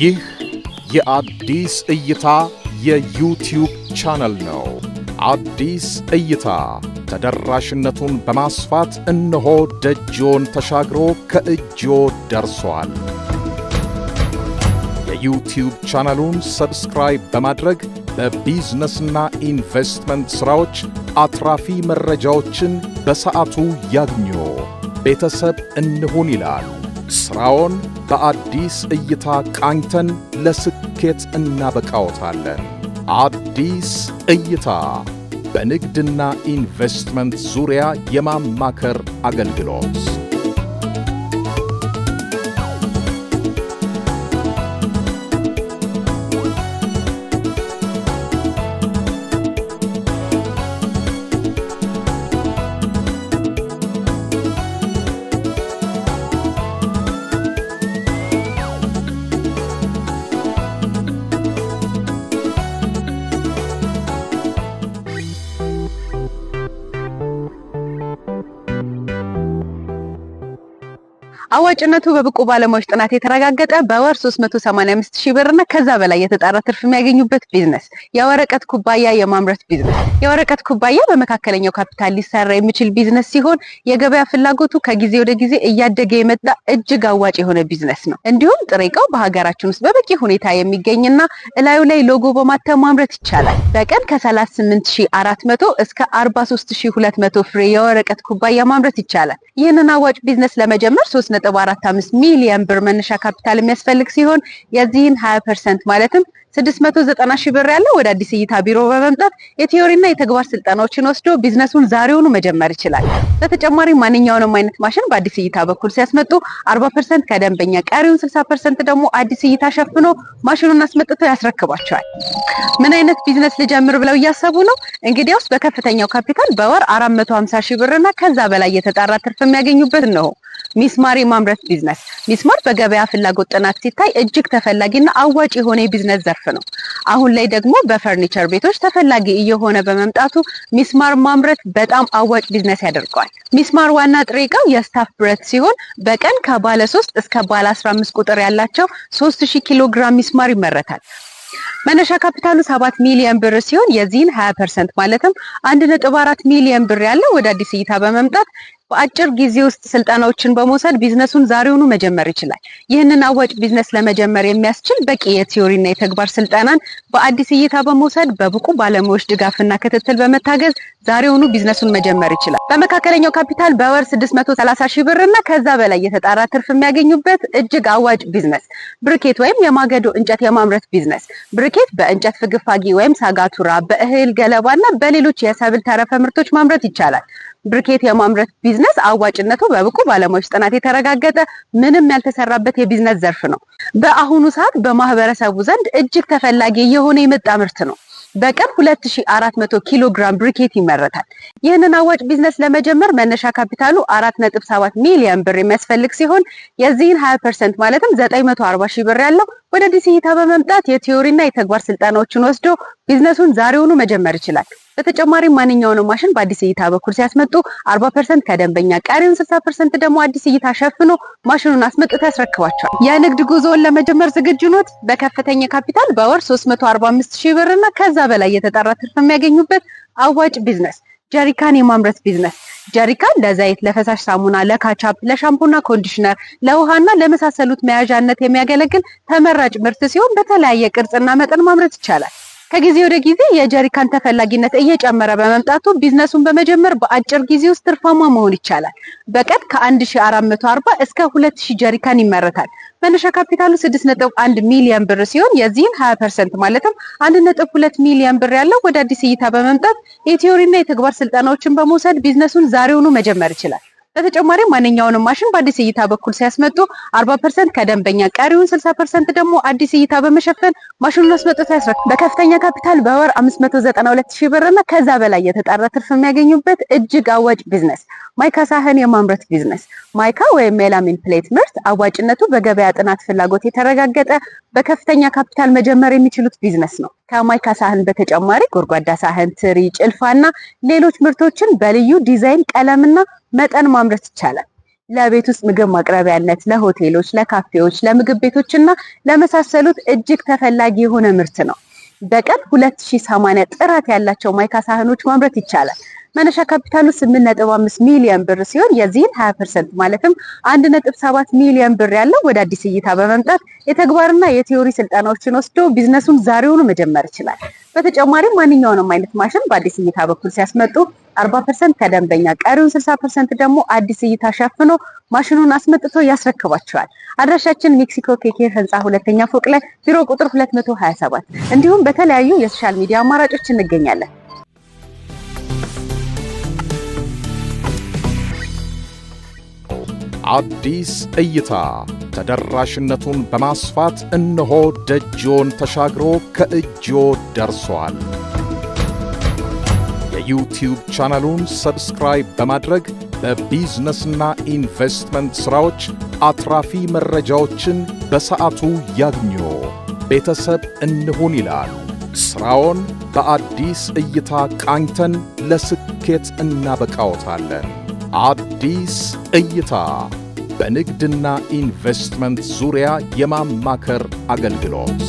ይህ የአዲስ እይታ የዩቲዩብ ቻናል ነው። አዲስ እይታ ተደራሽነቱን በማስፋት እነሆ ደጅዎን ተሻግሮ ከእጅዎ ደርሷል። የዩቲዩብ ቻናሉን ሰብስክራይብ በማድረግ በቢዝነስና ኢንቨስትመንት ሥራዎች አትራፊ መረጃዎችን በሰዓቱ ያግኙ። ቤተሰብ እንሁን ይላል። ስራውን በአዲስ እይታ ቃኝተን ለስኬት እናበቃዎታለን። አዲስ እይታ በንግድና ኢንቨስትመንት ዙሪያ የማማከር አገልግሎት አዋጭነቱ በብቁ ባለሙያዎች ጥናት የተረጋገጠ በወር 385 ሺህ እና ከዛ በላይ የተጣራ ትርፍ የሚያገኙበት ቢዝነስ የወረቀት ኩባያ የማምረት ቢዝነስ። የወረቀት ኩባያ በመካከለኛው ካፒታል ሊሰራ የሚችል ቢዝነስ ሲሆን የገበያ ፍላጎቱ ከጊዜ ወደ ጊዜ እያደገ የመጣ እጅግ አዋጭ የሆነ ቢዝነስ ነው። እንዲሁም ጥሬ እቃው በሀገራችን ውስጥ በበቂ ሁኔታ የሚገኝና እላዩ ላይ ሎጎ በማተም ማምረት ይቻላል። በቀን ከ38400 እስከ 43200 ፍሬ የወረቀት ኩባያ ማምረት ይቻላል። ይህንን አዋጭ ቢዝነስ ለመጀመር 1.45 ሚሊዮን ብር መነሻ ካፒታል የሚያስፈልግ ሲሆን የዚህን 20% ማለትም 690 ሺህ ብር ያለው ወደ አዲስ እይታ ቢሮ በመምጣት የቲዮሪና የተግባር ስልጠናዎችን ወስዶ ቢዝነሱን ዛሬውኑ መጀመር ይችላል። በተጨማሪ ማንኛውንም አይነት ማሽን በአዲስ እይታ በኩል ሲያስመጡ 40% ከደንበኛ ቀሪው 60% ደግሞ አዲስ እይታ ሸፍኖ ማሽኑን አስመጥቶ ያስረክባቸዋል። ምን አይነት ቢዝነስ ልጀምር ብለው እያሰቡ ነው? እንግዲያውስ በከፍተኛው ካፒታል በወር 450 ሺህ ብርና ከዛ በላይ የተጣራ ትርፍ የሚያገኙበት ነው። ሚስማር የማምረት ቢዝነስ። ሚስማር በገበያ ፍላጎት ጥናት ሲታይ እጅግ ተፈላጊና አዋጭ የሆነ የቢዝነስ ዘርፍ ነው። አሁን ላይ ደግሞ በፈርኒቸር ቤቶች ተፈላጊ እየሆነ በመምጣቱ ሚስማር ማምረት በጣም አዋጭ ቢዝነስ ያደርገዋል። ሚስማር ዋና ጥሬ ዕቃው የስታፍ ብረት ሲሆን በቀን ከባለ ሶስት እስከ ባለ 15 ቁጥር ያላቸው 3000 ኪሎ ግራም ሚስማር ይመረታል። መነሻ ካፒታሉ 7 ሚሊዮን ብር ሲሆን የዚህን 20 ፐርሰንት ማለትም 1.4 ሚሊዮን ብር ያለው ወደ አዲስ እይታ በመምጣት በአጭር ጊዜ ውስጥ ስልጠናዎችን በመውሰድ ቢዝነሱን ዛሬውኑ መጀመር ይችላል። ይህንን አዋጭ ቢዝነስ ለመጀመር የሚያስችል በቂ የቲዮሪና የተግባር ስልጠናን በአዲስ እይታ በመውሰድ በብቁ ባለሙያዎች ድጋፍና ክትትል በመታገዝ ዛሬውኑ ቢዝነሱን መጀመር ይችላል። በመካከለኛው ካፒታል በወር 630 ሺህ ብር እና ከዛ በላይ የተጣራ ትርፍ የሚያገኙበት እጅግ አዋጭ ቢዝነስ ብርኬት ወይም የማገዶ እንጨት የማምረት ቢዝነስ። ብርኬት በእንጨት ፍግፋጊ ወይም ሳጋቱራ፣ በእህል ገለባ እና በሌሎች የሰብል ተረፈ ምርቶች ማምረት ይቻላል። ብርኬት የማምረት ቢዝነስ አዋጭነቱ በብቁ ባለሙያዎች ጥናት የተረጋገጠ ምንም ያልተሰራበት የቢዝነስ ዘርፍ ነው። በአሁኑ ሰዓት በማህበረሰቡ ዘንድ እጅግ ተፈላጊ የሆነ የመጣ ምርት ነው። በቀን 2400 ኪሎ ግራም ብሪኬት ይመረታል። ይህንን አዋጭ ቢዝነስ ለመጀመር መነሻ ካፒታሉ 4.7 ሚሊዮን ብር የሚያስፈልግ ሲሆን የዚህን 20% ማለትም 940 ሺህ ብር ያለው ወደ ዲሲ እይታ በመምጣት የቲዮሪና የተግባር ስልጠናዎችን ወስዶ ቢዝነሱን ዛሬውኑ መጀመር ይችላል። በተጨማሪም ማንኛውንም ማሽን በአዲስ እይታ በኩል ሲያስመጡ 40 ፐርሰንት ከደንበኛ ቀሪውን 60 ፐርሰንት ደግሞ አዲስ እይታ ሸፍኖ ማሽኑን አስመጥቶ ያስረክባቸዋል። የንግድ ጉዞውን ለመጀመር ዝግጁ ኖት? በከፍተኛ ካፒታል በወር 345 ሺህ ብር እና ከዛ በላይ የተጠራ ትርፍ የሚያገኙበት አዋጭ ቢዝነስ ጀሪካን የማምረት ቢዝነስ ጀሪካን ለዘይት፣ ለፈሳሽ ሳሙና፣ ለካቻፕ፣ ለሻምፑና ኮንዲሽነር፣ ለውሃና ለመሳሰሉት መያዣነት የሚያገለግል ተመራጭ ምርት ሲሆን በተለያየ ቅርጽና መጠን ማምረት ይቻላል። ከጊዜ ወደ ጊዜ የጀሪካን ተፈላጊነት እየጨመረ በመምጣቱ ቢዝነሱን በመጀመር በአጭር ጊዜ ውስጥ ትርፋማ መሆን ይቻላል። በቀን ከ1440 እስከ 2000 ጀሪካን ይመረታል። መነሻ ካፒታሉ 6.1 ሚሊዮን ብር ሲሆን የዚህን 20% ማለትም 1.2 ሚሊዮን ብር ያለው ወደ አዲስ እይታ በመምጣት የቲዮሪና የተግባር ስልጠናዎችን በመውሰድ ቢዝነሱን ዛሬውኑ መጀመር ይችላል። በተጨማሪም ማንኛውንም ማሽን በአዲስ እይታ በኩል ሲያስመጡ አርባ ፐርሰንት ከደንበኛ ቀሪውን ስልሳ ፐርሰንት ደግሞ አዲስ እይታ በመሸፈን ማሽኑን አስመጥቶ ያስረክ በከፍተኛ ካፒታል በወር አምስት መቶ ዘጠና ሁለት ሺህ ብርና ከዛ በላይ የተጣራ ትርፍ የሚያገኙበት እጅግ አዋጭ ቢዝነስ ማይካ ሳህን የማምረት ቢዝነስ ማይካ ወይም ሜላሚን ፕሌት ምርት አዋጭነቱ በገበያ ጥናት ፍላጎት የተረጋገጠ በከፍተኛ ካፒታል መጀመር የሚችሉት ቢዝነስ ነው። ከማይካ ሳህን በተጨማሪ ጎድጓዳ ሳህን፣ ትሪ፣ ጭልፋና ሌሎች ምርቶችን በልዩ ዲዛይን ቀለምና መጠን ማምረት ይቻላል። ለቤት ውስጥ ምግብ ማቅረቢያነት፣ ለሆቴሎች፣ ለካፌዎች፣ ለምግብ ቤቶች እና ለመሳሰሉት እጅግ ተፈላጊ የሆነ ምርት ነው። በቀን 2080 ጥራት ያላቸው ማይካ ሳህኖች ማምረት ይቻላል። መነሻ ካፒታሉ 8.5 ሚሊዮን ብር ሲሆን የዚህን 20% ማለትም 1.7 ሚሊዮን ብር ያለው ወደ አዲስ እይታ በመምጣት የተግባርና የቲዮሪ ስልጠናዎችን ወስዶ ቢዝነሱን ዛሬውኑ መጀመር ይችላል። በተጨማሪም ማንኛውንም አይነት ማሽን በአዲስ እይታ በኩል ሲያስመጡ አርባ ፐርሰንት ከደንበኛ ቀሪውን ስልሳ ፐርሰንት ደግሞ አዲስ እይታ ሸፍኖ ማሽኑን አስመጥቶ ያስረክባቸዋል። አድራሻችን ሜክሲኮ ኬኬር ህንፃ ሁለተኛ ፎቅ ላይ ቢሮ ቁጥር 227 እንዲሁም በተለያዩ የሶሻል ሚዲያ አማራጮች እንገኛለን። አዲስ እይታ ተደራሽነቱን በማስፋት እነሆ ደጅዎን ተሻግሮ ከእጅዎ ደርሷል። የዩቲዩብ ቻናሉን ሰብስክራይብ በማድረግ በቢዝነስና ኢንቨስትመንት ሥራዎች አትራፊ መረጃዎችን በሰዓቱ ያግኙ። ቤተሰብ እንሁን ይላል። ሥራውን በአዲስ እይታ ቃኝተን ለስኬት እናበቃዎታለን። አዲስ እይታ በንግድና ኢንቨስትመንት ዙሪያ የማማከር አገልግሎት